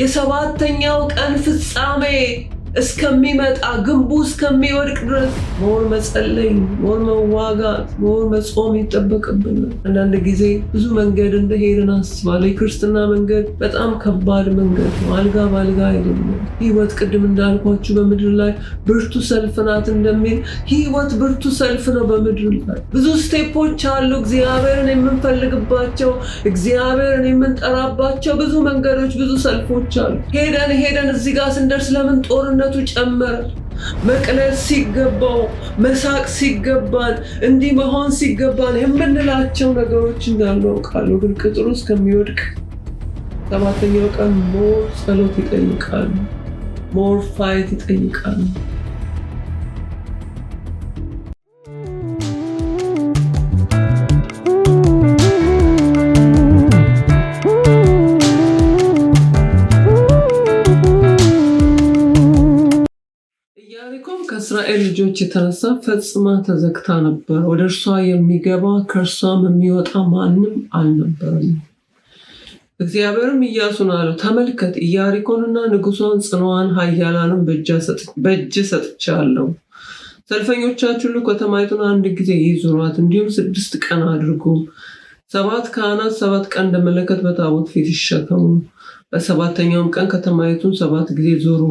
የሰባተኛው ቀን ፍጻሜ እስከሚመጣ ግንቡ እስከሚወድቅ ድረስ መሆን መጸለይ፣ መሆን መዋጋት፣ መሆን መጾም ይጠበቅብናል። አንዳንድ ጊዜ ብዙ መንገድ እንደሄድን አስባለሁ። የክርስትና መንገድ በጣም ከባድ መንገድ ነው። አልጋ ባልጋ አይደለም። ህይወት ቅድም እንዳልኳችሁ በምድር ላይ ብርቱ ሰልፍ ናት እንደሚል ህይወት ብርቱ ሰልፍ ነው በምድር ላይ ብዙ ስቴፖች አሉ። እግዚአብሔርን የምንፈልግባቸው እግዚአብሔርን የምንጠራባቸው ብዙ መንገዶች፣ ብዙ ሰልፎች አሉ። ሄደን ሄደን እዚህ ጋር ስንደርስ ለምን ጦርነት ሰውነቱ ጨመረ። መቅለል ሲገባው፣ መሳቅ ሲገባን፣ እንዲህ መሆን ሲገባን የምንላቸው ነገሮች እንዳሉ አውቃለሁ። ግን ቅጥሩ እስከሚወድቅ ሰባተኛው ቀን ሞር ጸሎት ይጠይቃሉ፣ ሞር ፋይት ይጠይቃሉ። ከቀይ ልጆች የተነሳ ፈጽማ ተዘግታ ነበር። ወደ እርሷ የሚገባ ከእርሷም የሚወጣ ማንም አልነበረም። እግዚአብሔርም ኢያሱን አለው፣ ተመልከት ኢያሪኮንና ንጉሷን ጽንዋን ኃያላንም በእጅ ሰጥቻለሁ። ሰልፈኞቻችሁ ሁሉ ከተማይቱን አንድ ጊዜ ይዙሯት፣ እንዲሁም ስድስት ቀን አድርጉ። ሰባት ካህናት ሰባት ቀን እንደመለከት በታቦት ፊት ይሸከሙ። በሰባተኛውም ቀን ከተማይቱን ሰባት ጊዜ ዞሩ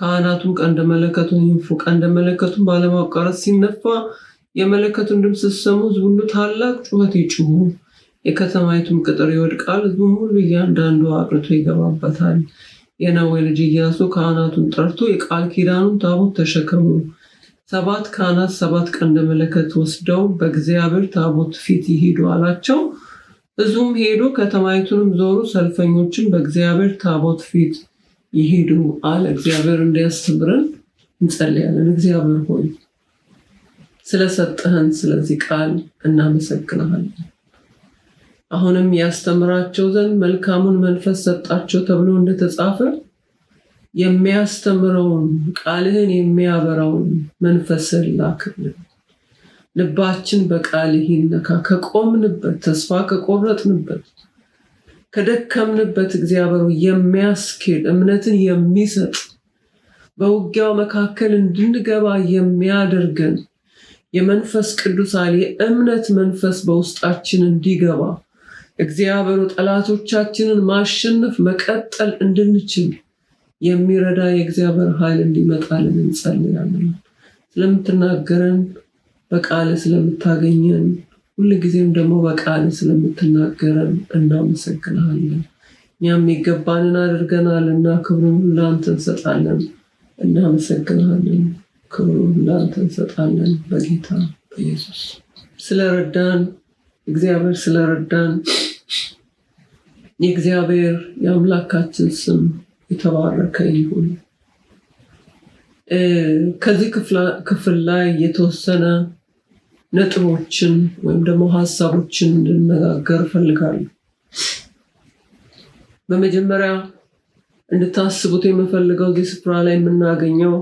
ካህናቱም ቀንደ መለከቱን ይንፉ፣ ቀንደ መለከቱን ባለማቋረጥ ሲነፋ የመለከቱን ድምፅ ሲሰሙ ህዝቡ ሁሉ ታላቅ ጩኸት ይጩሁ፣ የከተማይቱም ቅጥር ይወድቃል፣ ሕዝቡም ሁሉ እያንዳንዱ አቅርቶ ይገባበታል። የነዌ ልጅ ኢያሱ ካህናቱን ጠርቶ የቃል ኪዳኑን ታቦት ተሸከሙ። ሰባት ካህናት ሰባት ቀንደ መለከት ወስደው በእግዚአብሔር ታቦት ፊት ይሄዱ አላቸው። ህዝቡም ሄዱ፣ ከተማይቱንም ዞሩ፣ ሰልፈኞችን በእግዚአብሔር ታቦት ፊት ይሄዱ አለ። እግዚአብሔር እንዲያስተምረን እንጸልያለን። እግዚአብሔር ሆይ ስለሰጠህን ስለዚህ ቃል እናመሰግናሃለን። አሁንም ያስተምራቸው ዘንድ መልካሙን መንፈስ ሰጣቸው ተብሎ እንደተጻፈ የሚያስተምረውን ቃልህን የሚያበራውን መንፈስህን ላክልን። ልባችን በቃልህ ይነካ። ከቆምንበት ተስፋ ከቆረጥንበት ከደከምንበት እግዚአብሔሩ የሚያስኬድ እምነትን የሚሰጥ በውጊያው መካከል እንድንገባ የሚያደርገን የመንፈስ ቅዱስ አለ የእምነት መንፈስ በውስጣችን እንዲገባ እግዚአብሔሩ ጠላቶቻችንን ማሸነፍ መቀጠል እንድንችል የሚረዳ የእግዚአብሔር ኃይል እንዲመጣልን እንጸልያለን። ስለምትናገረን በቃለ ስለምታገኘን ሁልጊዜም ደግሞ በቃል ስለምትናገረን እናመሰግናለን። እኛም የሚገባንን አድርገናል እና ክብሩን ሁሉ እንሰጣለን። እናመሰግናለን። ክብሩን ሁሉ እንሰጣለን በጌታ በኢየሱስ ስለረዳን እግዚአብሔር ስለረዳን የእግዚአብሔር የአምላካችን ስም የተባረከ ይሁን። ከዚህ ክፍል ላይ የተወሰነ ነጥቦችን ወይም ደግሞ ሀሳቦችን እንድነጋገር እፈልጋለሁ። በመጀመሪያ እንድታስቡት የምፈልገው እዚህ ስፍራ ላይ የምናገኘው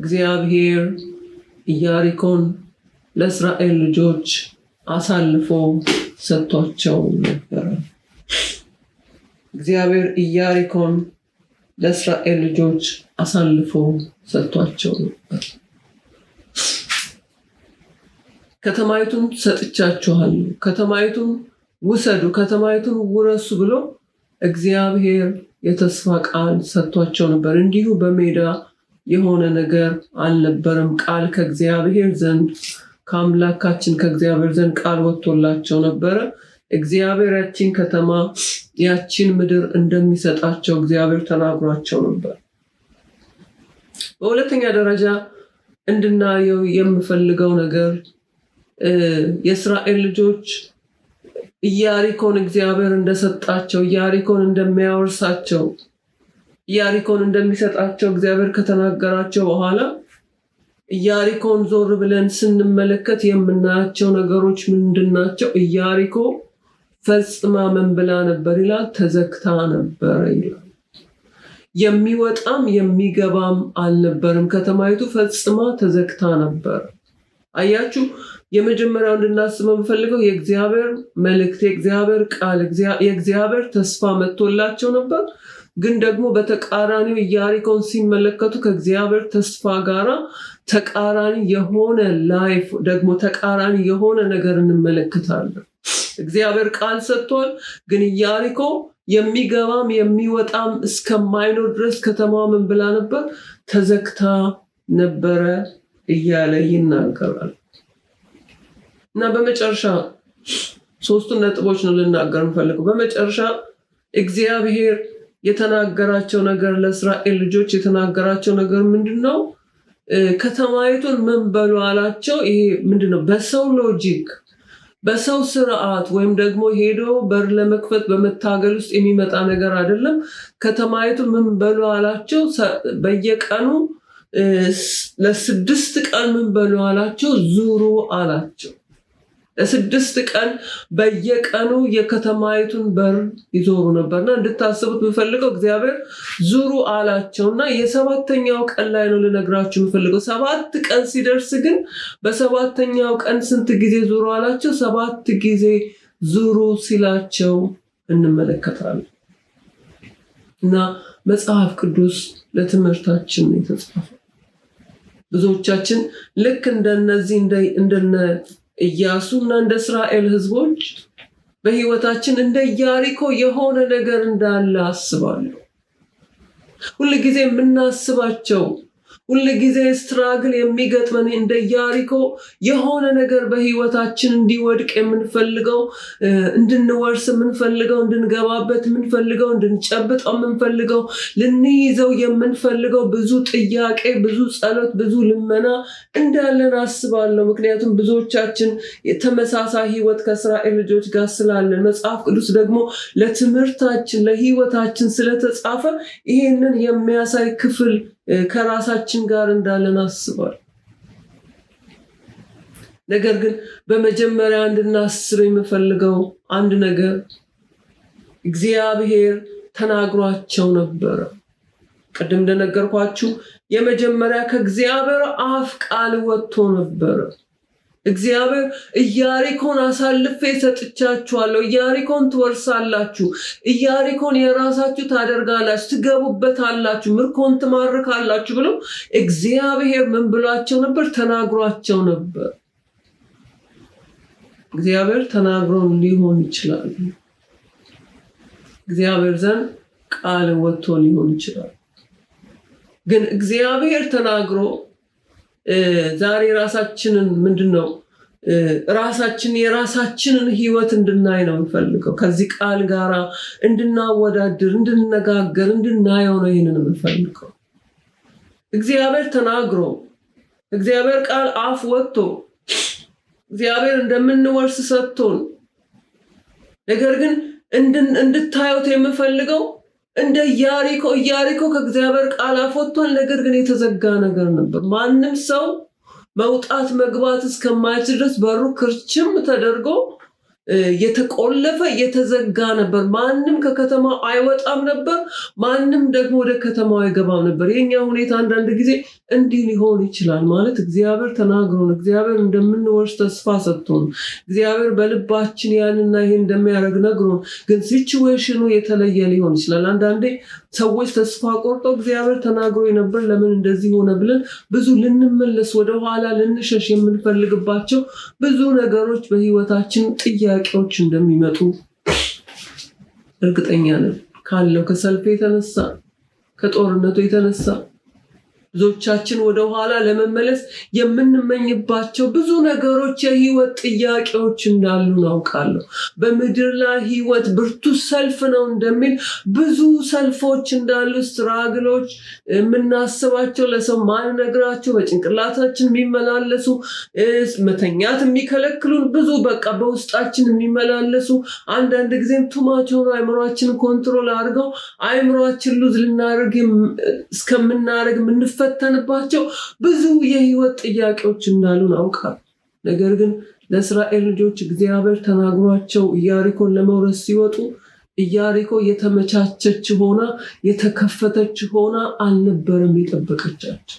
እግዚአብሔር ኢያሪኮን ለእስራኤል ልጆች አሳልፎ ሰጥቷቸው ነበረ። እግዚአብሔር ኢያሪኮን ለእስራኤል ልጆች አሳልፎ ሰጥቷቸው ነበር። ከተማይቱን ሰጥቻችኋለሁ፣ ከተማይቱን ውሰዱ፣ ከተማይቱን ውረሱ ብሎ እግዚአብሔር የተስፋ ቃል ሰጥቷቸው ነበር። እንዲሁ በሜዳ የሆነ ነገር አልነበረም። ቃል ከእግዚአብሔር ዘንድ ከአምላካችን ከእግዚአብሔር ዘንድ ቃል ወጥቶላቸው ነበረ። እግዚአብሔር ያችን ከተማ ያችን ምድር እንደሚሰጣቸው እግዚአብሔር ተናግሯቸው ነበር። በሁለተኛ ደረጃ እንድናየው የምፈልገው ነገር የእስራኤል ልጆች ኢያሪኮን እግዚአብሔር እንደሰጣቸው ኢያሪኮን እንደሚያወርሳቸው ኢያሪኮን እንደሚሰጣቸው እግዚአብሔር ከተናገራቸው በኋላ ኢያሪኮን ዞር ብለን ስንመለከት የምናያቸው ነገሮች ምንድን ናቸው? ኢያሪኮ ፈጽማ ምን ብላ ነበር ይላል? ተዘግታ ነበረ ይላል። የሚወጣም የሚገባም አልነበርም። ከተማይቱ ፈጽማ ተዘግታ ነበር። አያችሁ የመጀመሪያው እንድናስበው የምፈልገው የእግዚአብሔር መልእክት፣ የእግዚአብሔር ቃል፣ የእግዚአብሔር ተስፋ መጥቶላቸው ነበር። ግን ደግሞ በተቃራኒው ኢያሪኮን ሲመለከቱ ከእግዚአብሔር ተስፋ ጋር ተቃራኒ የሆነ ላይፍ ደግሞ ተቃራኒ የሆነ ነገር እንመለከታለን። እግዚአብሔር ቃል ሰጥቷል፣ ግን ኢያሪኮ የሚገባም የሚወጣም እስከማይኖር ድረስ ከተማዋ ምን ብላ ነበር? ተዘግታ ነበረ እያለ ይናገራል። እና በመጨረሻ ሶስቱን ነጥቦች ነው ልናገር የምፈልገው። በመጨረሻ እግዚአብሔር የተናገራቸው ነገር ለእስራኤል ልጆች የተናገራቸው ነገር ምንድን ነው? ከተማይቱን ምን በሉ አላቸው። ይሄ ምንድን ነው? በሰው ሎጂክ በሰው ስርዓት ወይም ደግሞ ሄዶ በር ለመክፈት በመታገል ውስጥ የሚመጣ ነገር አይደለም። ከተማይቱ ምን በሉ አላቸው። በየቀኑ ለስድስት ቀን ምን በሉ አላቸው። ዙሩ አላቸው። ለስድስት ቀን በየቀኑ የከተማይቱን በር ይዞሩ ነበርና እንድታስቡት የምፈልገው እግዚአብሔር ዙሩ አላቸው እና የሰባተኛው ቀን ላይ ነው ልነግራችሁ የምፈልገው። ሰባት ቀን ሲደርስ ግን በሰባተኛው ቀን ስንት ጊዜ ዙሩ አላቸው? ሰባት ጊዜ ዙሩ ሲላቸው እንመለከታለን። እና መጽሐፍ ቅዱስ ለትምህርታችን የተጻፈ ብዙዎቻችን ልክ እንደነዚህ እንደነ እያሱ እና እንደ እስራኤል ህዝቦች በህይወታችን እንደ ያሪኮ የሆነ ነገር እንዳለ አስባለሁ። ሁልጊዜ የምናስባቸው ሁልጊዜ ስትራግል የሚገጥመን እንደ ያሪኮ የሆነ ነገር በህይወታችን እንዲወድቅ የምንፈልገው እንድንወርስ የምንፈልገው እንድንገባበት የምንፈልገው እንድንጨብጠው የምንፈልገው ልንይዘው የምንፈልገው ብዙ ጥያቄ፣ ብዙ ጸሎት፣ ብዙ ልመና እንዳለን አስባለሁ። ምክንያቱም ብዙዎቻችን የተመሳሳይ ህይወት ከእስራኤል ልጆች ጋር ስላለን መጽሐፍ ቅዱስ ደግሞ ለትምህርታችን ለህይወታችን ስለተጻፈ ይህንን የሚያሳይ ክፍል ከራሳችን ጋር እንዳለን አስባል። ነገር ግን በመጀመሪያ እንድናስብ የምፈልገው አንድ ነገር እግዚአብሔር ተናግሯቸው ነበረ። ቅድም እንደነገርኳችሁ የመጀመሪያ ከእግዚአብሔር አፍ ቃል ወጥቶ ነበረ። እግዚአብሔር እያሪኮን አሳልፌ ሰጥቻችኋለሁ፣ እያሪኮን ትወርሳላችሁ፣ እያሪኮን የራሳችሁ ታደርጋላችሁ፣ ትገቡበታላችሁ፣ ምርኮን ትማርካላችሁ ብሎ እግዚአብሔር ምን ብሏቸው ነበር? ተናግሯቸው ነበር። እግዚአብሔር ተናግሮ ሊሆን ይችላል። እግዚአብሔር ዘንድ ቃል ወጥቶ ሊሆን ይችላል። ግን እግዚአብሔር ተናግሮ ዛሬ ራሳችንን ምንድን ነው ራሳችን የራሳችንን ህይወት እንድናይ ነው የምንፈልገው። ከዚህ ቃል ጋራ እንድናወዳድር፣ እንድንነጋገር፣ እንድናየው ነው ይህንን የምንፈልገው። እግዚአብሔር ተናግሮ እግዚአብሔር ቃል አፍ ወጥቶ እግዚአብሔር እንደምንወርስ ሰጥቶን ነገር ግን እንድታዩት የምፈልገው እንደ ኢያሪኮ ኢያሪኮ ከእግዚአብሔር ቃል አፎቷን ነገር ግን የተዘጋ ነገር ነበር። ማንም ሰው መውጣት መግባት እስከማይችል ድረስ በሩ ክርችም ተደርጎ የተቆለፈ የተዘጋ ነበር። ማንም ከከተማው አይወጣም ነበር። ማንም ደግሞ ወደ ከተማው አይገባም ነበር። የኛ ሁኔታ አንዳንድ ጊዜ እንዲህ ሊሆን ይችላል ማለት እግዚአብሔር ተናግሮን፣ እግዚአብሔር እንደምንወርስ ተስፋ ሰጥቶን፣ እግዚአብሔር በልባችን ያንና ይሄን እንደሚያደርግ ነግሮን፣ ግን ሲችዌሽኑ የተለየ ሊሆን ይችላል። አንዳንዴ ሰዎች ተስፋ ቆርጦ እግዚአብሔር ተናግሮ ነበር ለምን እንደዚህ ሆነ ብለን ብዙ ልንመለስ ወደኋላ ልንሸሽ የምንፈልግባቸው ብዙ ነገሮች በህይወታችን ጥያ ጥያቄዎች እንደሚመጡ እርግጠኛ ነን ካለው ከሰልፍ የተነሳ ከጦርነቱ የተነሳ ብዙዎቻችን ወደ ኋላ ለመመለስ የምንመኝባቸው ብዙ ነገሮች፣ የህይወት ጥያቄዎች እንዳሉ እናውቃለሁ። በምድር ላይ ህይወት ብርቱ ሰልፍ ነው እንደሚል ብዙ ሰልፎች እንዳሉ፣ ስትራግሎች የምናስባቸው ለሰው ማንነግራቸው በጭንቅላታችን የሚመላለሱ መተኛት የሚከለክሉን ብዙ በቃ በውስጣችን የሚመላለሱ አንዳንድ ጊዜም ቱማቸውን አይምሯችን ኮንትሮል አድርገው አይምሯችን ሉዝ ልናደርግ እስከምናደርግ ምንፈ የተፈተንባቸው ብዙ የህይወት ጥያቄዎች እንዳሉን አውቃል። ነገር ግን ለእስራኤል ልጆች እግዚአብሔር ተናግሯቸው ኢያሪኮን ለመውረስ ሲወጡ ኢያሪኮ የተመቻቸች ሆና የተከፈተች ሆና አልነበረም የጠበቀቻቸው።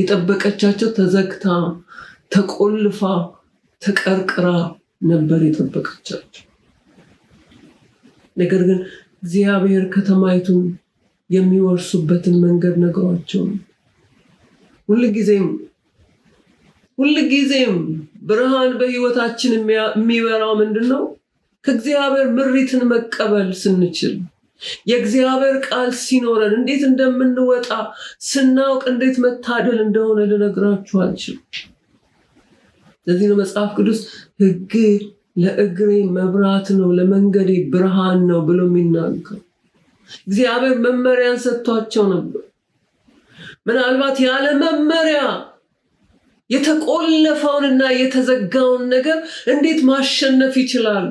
የጠበቀቻቸው ተዘግታ ተቆልፋ ተቀርቅራ ነበር የጠበቀቻቸው። ነገር ግን እግዚአብሔር ከተማይቱን የሚወርሱበትን መንገድ ነግሯቸው ሁልጊዜም ሁልጊዜም ብርሃን በህይወታችን የሚበራው ምንድን ነው? ከእግዚአብሔር ምሪትን መቀበል ስንችል የእግዚአብሔር ቃል ሲኖረን እንዴት እንደምንወጣ ስናውቅ እንዴት መታደል እንደሆነ ልነግራችሁ አልችልም። ለዚህ ነው መጽሐፍ ቅዱስ ህግ ለእግሬ መብራት ነው፣ ለመንገዴ ብርሃን ነው ብሎ የሚናገር እግዚአብሔር መመሪያን ሰጥቷቸው ነበር። ምናልባት ያለ መመሪያ የተቆለፈውንና የተዘጋውን ነገር እንዴት ማሸነፍ ይችላል?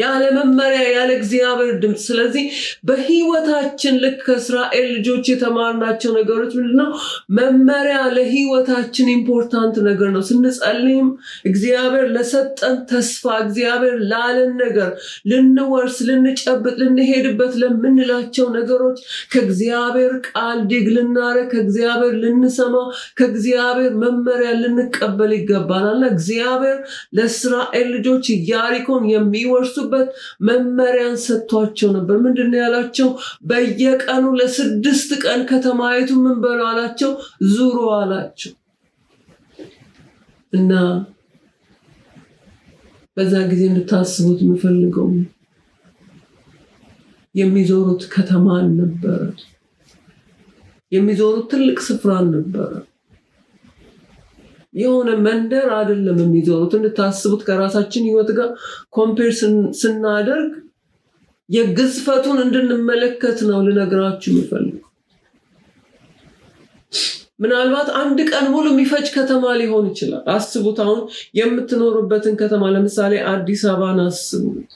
ያለ መመሪያ ያለ እግዚአብሔር ድምፅ። ስለዚህ በህይወታችን ልክ ከእስራኤል ልጆች የተማርናቸው ነገሮች ምንድነው? መመሪያ ለህይወታችን ኢምፖርታንት ነገር ነው። ስንጸልይም እግዚአብሔር ለሰጠን ተስፋ እግዚአብሔር ላለን ነገር ልንወርስ፣ ልንጨብጥ፣ ልንሄድበት ለምንላቸው ነገሮች ከእግዚአብሔር ቃል ዲግ ልናረግ፣ ከእግዚአብሔር ልንሰማ፣ ከእግዚአብሔር መመሪያ ልንቀበል ይገባናል። እግዚአብሔር ለእስራኤል ልጆች ኢያሪኮን የሚወርሱ እንዲደርሱበት መመሪያን ሰጥቷቸው ነበር። ምንድን ነው ያላቸው? በየቀኑ ለስድስት ቀን ከተማይቱ ምን በሉ አላቸው? ዙሩ አላቸው። እና በዛ ጊዜ እንድታስቡት የምፈልገው የሚዞሩት ከተማ ነበረ። የሚዞሩት ትልቅ ስፍራ ነበረ። የሆነ መንደር አይደለም የሚዞሩት። እንድታስቡት ከራሳችን ህይወት ጋር ኮምፔር ስናደርግ የግዝፈቱን እንድንመለከት ነው ልነግራችሁ የምፈልገው። ምናልባት አንድ ቀን ሙሉ የሚፈጅ ከተማ ሊሆን ይችላል። አስቡት። አሁን የምትኖሩበትን ከተማ ለምሳሌ አዲስ አበባን አስቡት፣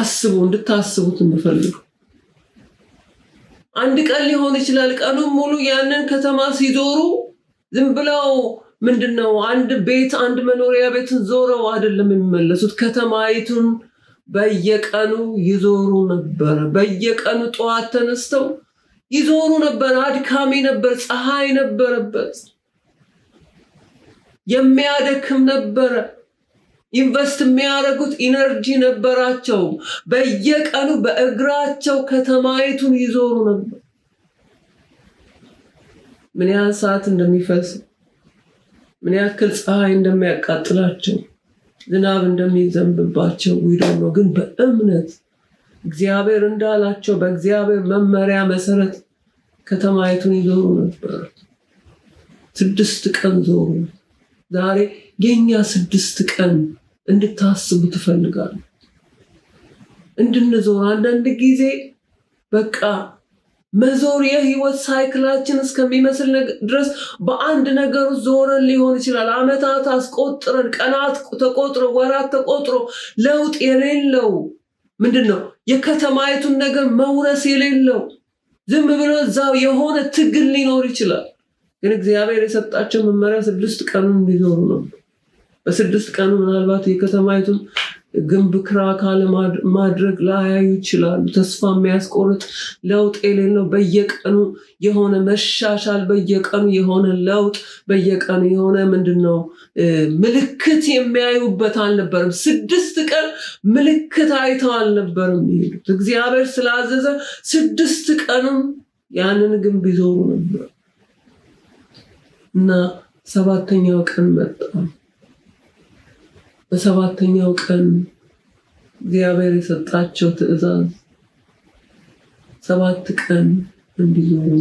አስቡ እንድታስቡት የምፈልገው አንድ ቀን ሊሆን ይችላል። ቀኑን ሙሉ ያንን ከተማ ሲዞሩ ዝም ብለው ምንድን ነው አንድ ቤት አንድ መኖሪያ ቤትን ዞረው አይደለም የሚመለሱት። ከተማይቱን በየቀኑ ይዞሩ ነበረ። በየቀኑ ጠዋት ተነስተው ይዞሩ ነበር። አድካሚ ነበር። ፀሐይ ነበረበት። የሚያደክም ነበረ። ኢንቨስት የሚያደርጉት ኢነርጂ ነበራቸው። በየቀኑ በእግራቸው ከተማይቱን ይዞሩ ነበር። ምን ያህል ሰዓት እንደሚፈስ፣ ምን ያክል ፀሐይ እንደሚያቃጥላቸው፣ ዝናብ እንደሚዘንብባቸው ዊዶን ነው። ግን በእምነት እግዚአብሔር እንዳላቸው በእግዚአብሔር መመሪያ መሰረት ከተማይቱን ይዞሩ ነበር። ስድስት ቀን ዞሩ። ዛሬ የእኛ ስድስት ቀን እንድታስቡ ትፈልጋሉ። እንድንዞር አንዳንድ ጊዜ በቃ መዞር የህይወት ሳይክላችን እስከሚመስል ድረስ በአንድ ነገር ዞረን ሊሆን ይችላል። አመታት አስቆጥረን፣ ቀናት ተቆጥሮ፣ ወራት ተቆጥሮ ለውጥ የሌለው ምንድን ነው የከተማይቱን ነገር መውረስ የሌለው ዝም ብሎ እዛው የሆነ ትግል ሊኖር ይችላል። ግን እግዚአብሔር የሰጣቸው መመሪያ ስድስት ቀኑን እንዲኖሩ ነው። በስድስት ቀኑ ምናልባት የከተማይቱን ግንብ ክራካል ማድረግ ላያዩ ይችላሉ። ተስፋ የሚያስቆርጥ ለውጥ የሌለው በየቀኑ የሆነ መሻሻል፣ በየቀኑ የሆነ ለውጥ፣ በየቀኑ የሆነ ምንድን ነው ምልክት የሚያዩበት አልነበርም። ስድስት ቀን ምልክት አይተው አልነበርም ይሄዱት እግዚአብሔር ስላዘዘ ስድስት ቀንም ያንን ግንብ ይዞሩ ነበር። እና ሰባተኛው ቀን መጣ። በሰባተኛው ቀን እግዚአብሔር የሰጣቸው ትእዛዝ ሰባት ቀን እንዲዞሩ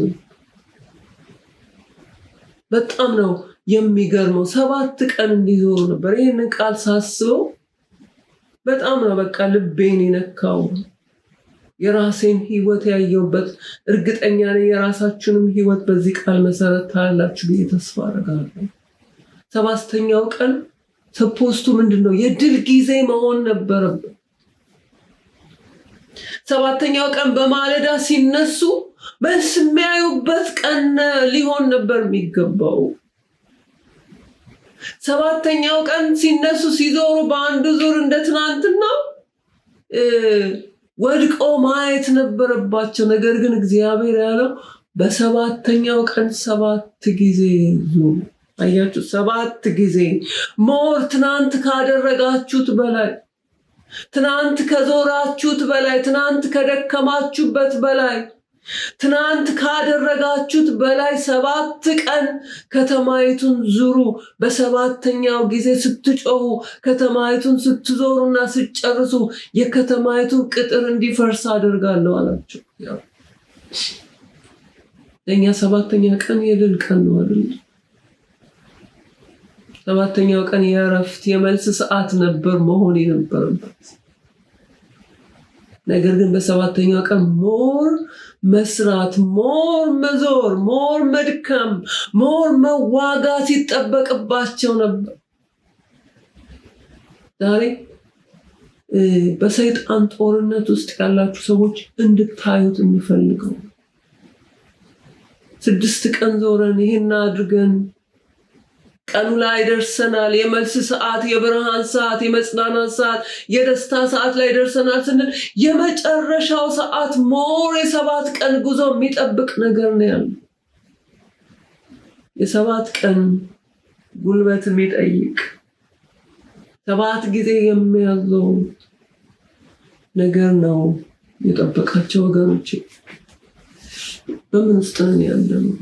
በጣም ነው የሚገርመው። ሰባት ቀን እንዲዞሩ ነበር። ይህንን ቃል ሳስበው በጣም ነው በቃ ልቤን የነካው። የራሴን ህይወት ያየውበት እርግጠኛ ነኝ። የራሳችንም ህይወት በዚህ ቃል መሰረት ታያላችሁ ብዬ ተስፋ አደርጋለሁ። ሰባስተኛው ቀን ስፖስቱ ምንድን ነው? የድል ጊዜ መሆን ነበረብን። ሰባተኛው ቀን በማለዳ ሲነሱ መልስ የሚያዩበት ቀን ሊሆን ነበር የሚገባው። ሰባተኛው ቀን ሲነሱ ሲዞሩ በአንዱ ዙር እንደ ትናንትና ወድቀው ማየት ነበረባቸው። ነገር ግን እግዚአብሔር ያለው በሰባተኛው ቀን ሰባት ጊዜ ዙሩ። አያችሁ፣ ሰባት ጊዜ ሞር ትናንት ካደረጋችሁት በላይ ትናንት ከዞራችሁት በላይ ትናንት ከደከማችሁበት በላይ ትናንት ካደረጋችሁት በላይ ሰባት ቀን ከተማይቱን ዙሩ። በሰባተኛው ጊዜ ስትጮሁ ከተማይቱን ስትዞሩና ስትጨርሱ የከተማይቱ ቅጥር እንዲፈርስ አደርጋለሁ አላቸው። እኛ ሰባተኛ ቀን የድል ቀን ነው አይደል? ሰባተኛው ቀን የእረፍት የመልስ ሰዓት ነበር መሆን የነበረበት። ነገር ግን በሰባተኛው ቀን ሞር መስራት፣ ሞር መዞር፣ ሞር መድከም፣ ሞር መዋጋት ይጠበቅባቸው ነበር። ዛሬ በሰይጣን ጦርነት ውስጥ ያላችሁ ሰዎች እንድታዩት የሚፈልገው ስድስት ቀን ዞረን ይሄን አድርገን ቀኑ ላይ ደርሰናል። የመልስ ሰዓት፣ የብርሃን ሰዓት፣ የመጽናናት ሰዓት፣ የደስታ ሰዓት ላይ ደርሰናል ስንል የመጨረሻው ሰዓት ሞር የሰባት ቀን ጉዞ የሚጠብቅ ነገር ነው ያለው። የሰባት ቀን ጉልበት የሚጠይቅ ሰባት ጊዜ የሚያዘው ነገር ነው የጠበቃቸው ወገኖች። በምን ውስጥ ያለ ነው?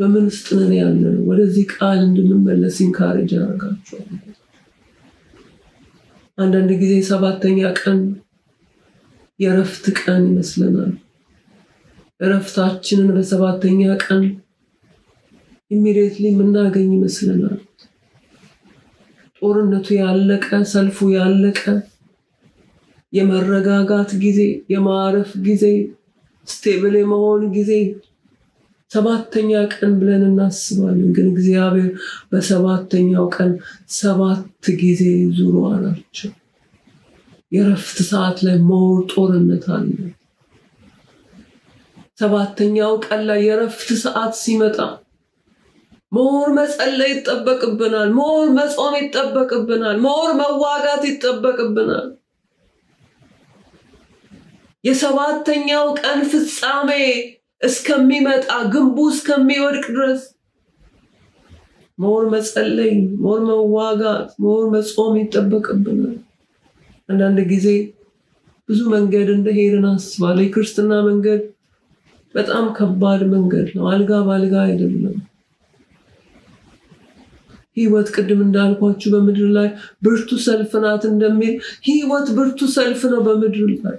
በምን ውስጥ ነን ያለ ነው። ወደዚህ ቃል እንድንመለስ ኢንካሬጅ ያደርጋቸዋል። አንዳንድ ጊዜ ሰባተኛ ቀን የእረፍት ቀን ይመስለናል። እረፍታችንን በሰባተኛ ቀን ኢሚዲየትሊ የምናገኝ ይመስለናል። ጦርነቱ ያለቀ፣ ሰልፉ ያለቀ፣ የመረጋጋት ጊዜ፣ የማረፍ ጊዜ፣ ስቴብል የመሆን ጊዜ ሰባተኛ ቀን ብለን እናስባለን። ግን እግዚአብሔር በሰባተኛው ቀን ሰባት ጊዜ ዙሮ አላቸው። የእረፍት ሰዓት ላይ መውር ጦርነት አለ። ሰባተኛው ቀን ላይ የእረፍት ሰዓት ሲመጣ መውር መጸለይ ይጠበቅብናል። መውር መጾም ይጠበቅብናል። መውር መዋጋት ይጠበቅብናል። የሰባተኛው ቀን ፍጻሜ እስከሚመጣ ግንቡ እስከሚወድቅ ድረስ መሆን መጸለይ፣ መሆን መዋጋት፣ መሆን መጾም ይጠበቅብናል። አንዳንድ ጊዜ ብዙ መንገድ እንደሄድን አስባለሁ። የክርስትና መንገድ በጣም ከባድ መንገድ ነው። አልጋ በአልጋ አይደለም። ህይወት ቅድም እንዳልኳችሁ በምድር ላይ ብርቱ ሰልፍ ናት እንደሚል ህይወት ብርቱ ሰልፍ ነው በምድር ላይ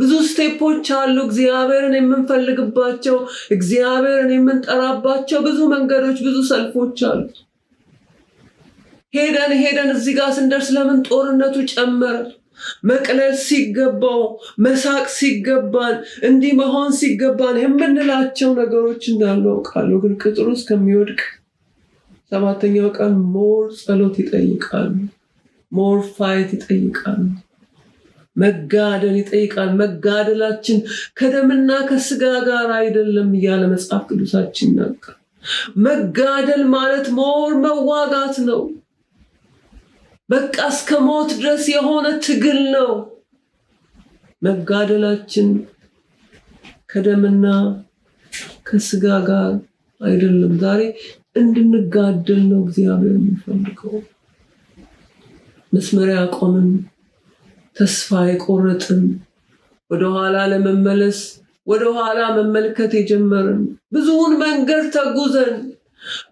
ብዙ ስቴፖች አሉ። እግዚአብሔርን የምንፈልግባቸው እግዚአብሔርን የምንጠራባቸው ብዙ መንገዶች፣ ብዙ ሰልፎች አሉ። ሄደን ሄደን እዚህ ጋር ስንደርስ ለምን ጦርነቱ ጨመረ? መቅለል ሲገባው፣ መሳቅ ሲገባን፣ እንዲህ መሆን ሲገባን የምንላቸው ነገሮች እንዳሉ አውቃለሁ። ግን ቅጥሩ እስከሚወድቅ ሰባተኛው ቀን ሞር ጸሎት ይጠይቃሉ፣ ሞር ፋይት ይጠይቃሉ። መጋደል ይጠይቃል። መጋደላችን ከደምና ከስጋ ጋር አይደለም እያለ መጽሐፍ ቅዱሳችን ይናገራል። መጋደል ማለት ሞር መዋጋት ነው። በቃ እስከ ሞት ድረስ የሆነ ትግል ነው። መጋደላችን ከደምና ከስጋ ጋር አይደለም። ዛሬ እንድንጋደል ነው እግዚአብሔር የሚፈልገው። መስመሪያ ቆምን ተስፋ የቆረጥን ወደኋላ ለመመለስ ወደኋላ መመልከት የጀመርን ብዙውን መንገድ ተጉዘን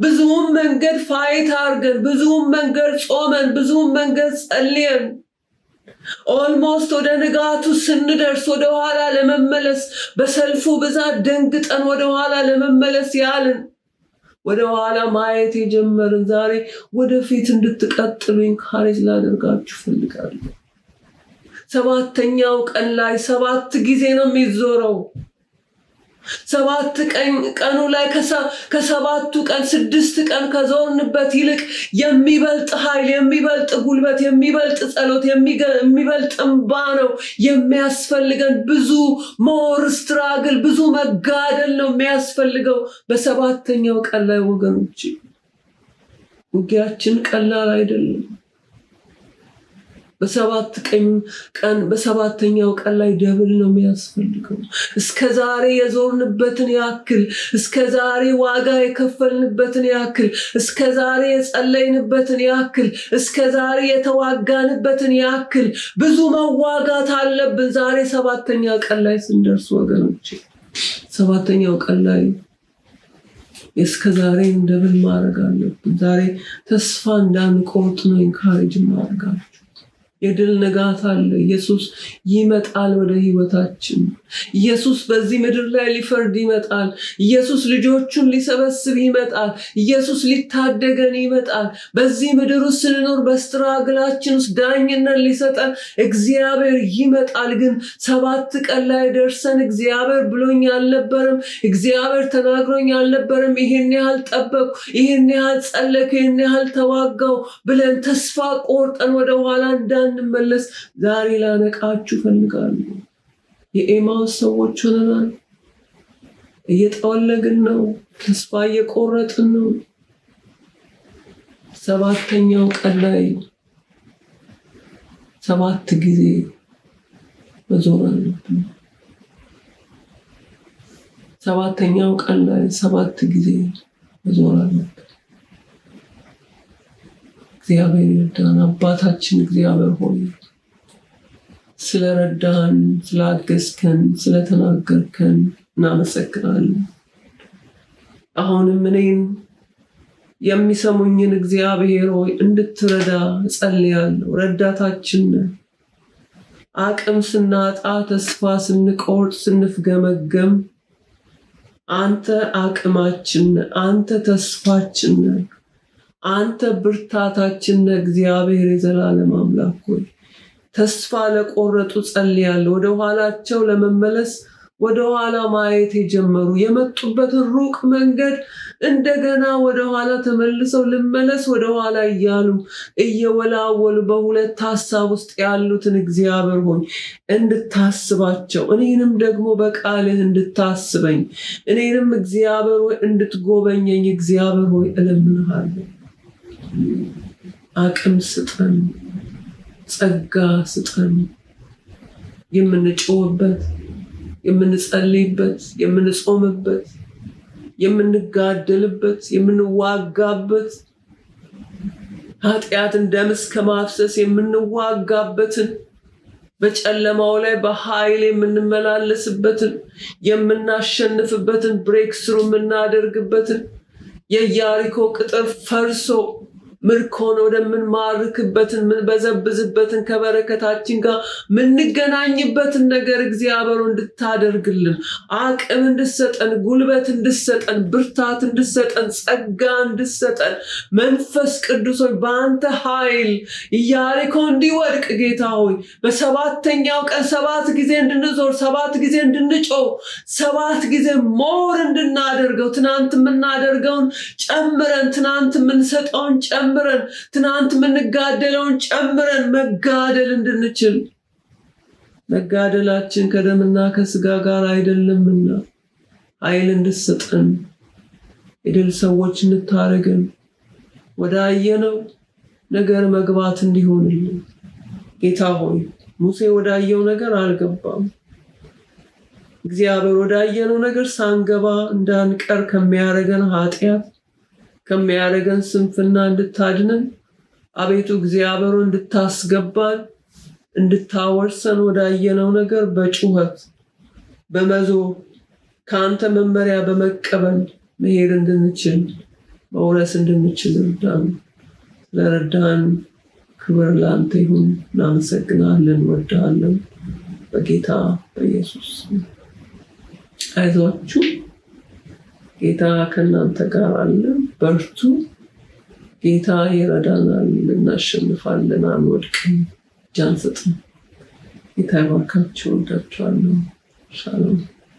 ብዙውን መንገድ ፋይት አርገን ብዙውን መንገድ ጾመን ብዙውን መንገድ ጸልየን ኦልሞስት ወደ ንጋቱ ስንደርስ ወደኋላ ለመመለስ በሰልፉ ብዛት ደንግጠን ወደኋላ ለመመለስ ያልን ወደኋላ ማየት የጀመርን ዛሬ ወደፊት እንድትቀጥሉ ኢንካሬጅ ላደርጋችሁ ፈልጋለሁ። ሰባተኛው ቀን ላይ ሰባት ጊዜ ነው የሚዞረው። ሰባት ቀኑ ላይ ከሰባቱ ቀን ስድስት ቀን ከዞርንበት ይልቅ የሚበልጥ ኃይል፣ የሚበልጥ ጉልበት፣ የሚበልጥ ጸሎት፣ የሚበልጥ እንባ ነው የሚያስፈልገን። ብዙ ሞር ስትራግል፣ ብዙ መጋደል ነው የሚያስፈልገው በሰባተኛው ቀን ላይ ወገኖች። ውጊያችን ቀላል አይደለም። በሰባት ቀን ቀን በሰባተኛው ቀን ላይ ደብል ነው የሚያስፈልገው። እስከ ዛሬ የዞርንበትን ያክል እስከ ዛሬ ዋጋ የከፈልንበትን ያክል እስከ ዛሬ የጸለይንበትን ያክል እስከ ዛሬ የተዋጋንበትን ያክል ብዙ መዋጋት አለብን። ዛሬ ሰባተኛ ቀን ላይ ስንደርስ ወገኖች፣ ሰባተኛው ቀን ላይ እስከ ዛሬ ደብል ማድረግ አለብን። ዛሬ ተስፋ እንዳንቆርጥ ነው ኢንካሬጅ ማድረግ አለብን። የድል ንጋት አለ። ኢየሱስ ይመጣል ወደ ህይወታችን። ኢየሱስ በዚህ ምድር ላይ ሊፈርድ ይመጣል። ኢየሱስ ልጆቹን ሊሰበስብ ይመጣል። ኢየሱስ ሊታደገን ይመጣል። በዚህ ምድር ውስጥ ስንኖር በስትራግላችን ውስጥ ዳኝነት ሊሰጠን እግዚአብሔር ይመጣል። ግን ሰባት ቀን ላይ ደርሰን እግዚአብሔር ብሎኝ አልነበረም፣ እግዚአብሔር ተናግሮኝ አልነበረም፣ ይህን ያህል ጠበቅኩ፣ ይህን ያህል ጸለክ፣ ይህን ያህል ተዋጋው ብለን ተስፋ ቆርጠን ወደኋላ እንዳን እንድንመለስ ዛሬ ላነቃችሁ ፈልጋለሁ። የኤማውስ ሰዎች ሆነናል። እየጠወለግን ነው። ተስፋ እየቆረጥን ነው። ሰባተኛው ቀን ላይ ሰባት ጊዜ መዞር አለብን። ሰባተኛው ቀን ላይ ሰባት ጊዜ መዞር አለብን። እግዚአብሔር ይርዳን። አባታችን እግዚአብሔር ሆይ ስለረዳን፣ ስላገዝከን፣ ስለተናገርከን እናመሰግናለን። አሁንም እኔን የሚሰሙኝን እግዚአብሔር ሆይ እንድትረዳ እጸልያለሁ። ረዳታችን አቅም ስናጣ፣ ተስፋ ስንቆርጥ፣ ስንፍገመገም አንተ አቅማችን፣ አንተ ተስፋችን አንተ ብርታታችን እግዚአብሔር የዘላለም አምላክ ሆይ ተስፋ ለቆረጡ ጸልያለሁ። ወደ ኋላቸው ለመመለስ ወደ ኋላ ማየት የጀመሩ የመጡበትን ሩቅ መንገድ እንደገና ወደኋላ ተመልሰው ልመለስ ወደኋላ እያሉ እየወላወሉ በሁለት ሀሳብ ውስጥ ያሉትን እግዚአብሔር ሆይ እንድታስባቸው እኔንም ደግሞ በቃልህ እንድታስበኝ እኔንም እግዚአብሔር ሆይ እንድትጎበኘኝ እግዚአብሔር ሆይ እለምንሃለሁ። አቅም ስጠን፣ ጸጋ ስጠን፣ የምንጮውበት፣ የምንጸልይበት፣ የምንጾምበት፣ የምንጋደልበት፣ የምንዋጋበት ኃጢአትን ደም እስከ ማፍሰስ የምንዋጋበትን በጨለማው ላይ በኃይል የምንመላለስበትን የምናሸንፍበትን ብሬክ ስሩ የምናደርግበትን የኢያሪኮ ቅጥር ፈርሶ ምርኮን ወደምንማርክበትን ምንበዘብዝበትን ከበረከታችን ጋር ምንገናኝበትን ነገር እግዚአብሔር እንድታደርግልን አቅም እንድሰጠን፣ ጉልበት እንድሰጠን፣ ብርታት እንድሰጠን፣ ጸጋ እንድሰጠን መንፈስ ቅዱሶች በአንተ ኃይል እያሪኮ እንዲወድቅ ጌታ ሆይ በሰባተኛው ቀን ሰባት ጊዜ እንድንዞር፣ ሰባት ጊዜ እንድንጮ ሰባት ጊዜ ሞር እንድናደርገው ትናንት የምናደርገውን ጨምረን ትናንት የምንሰጠውን ጨምረን ጨምረን ትናንት የምንጋደለውን ጨምረን መጋደል እንድንችል መጋደላችን ከደምና ከስጋ ጋር አይደለምና ኃይል እንድሰጠን የድል ሰዎች እንታረግን ወደ አየነው ነገር መግባት እንዲሆንልን ጌታ ሆይ ሙሴ ወዳየው ነገር አልገባም። እግዚአብሔር ወዳየነው ነገር ሳንገባ እንዳንቀር ከሚያደርገን ኃጢአት ከሚያደርገን ስንፍና እንድታድንን አቤቱ እግዚአብሔሩ እንድታስገባን እንድታወርሰን ወዳየነው ነገር በጩኸት በመዞ ከአንተ መመሪያ በመቀበል መሄድ እንድንችል መውረስ እንድንችል እርዳን። ለረዳን ክብር ለአንተ ይሁን። እናመሰግናለን፣ ወዳለን በጌታ በኢየሱስ አይዟችሁ። ጌታ ከእናንተ ጋር አለ፣ በርቱ፣ ጌታ ይረዳናል፣ እናሸንፋለን፣ አንወድቅም። እጅ አንሰጥም። ጌታ ይባርካችሁ። ወዳችኋለሁ። ሻሎም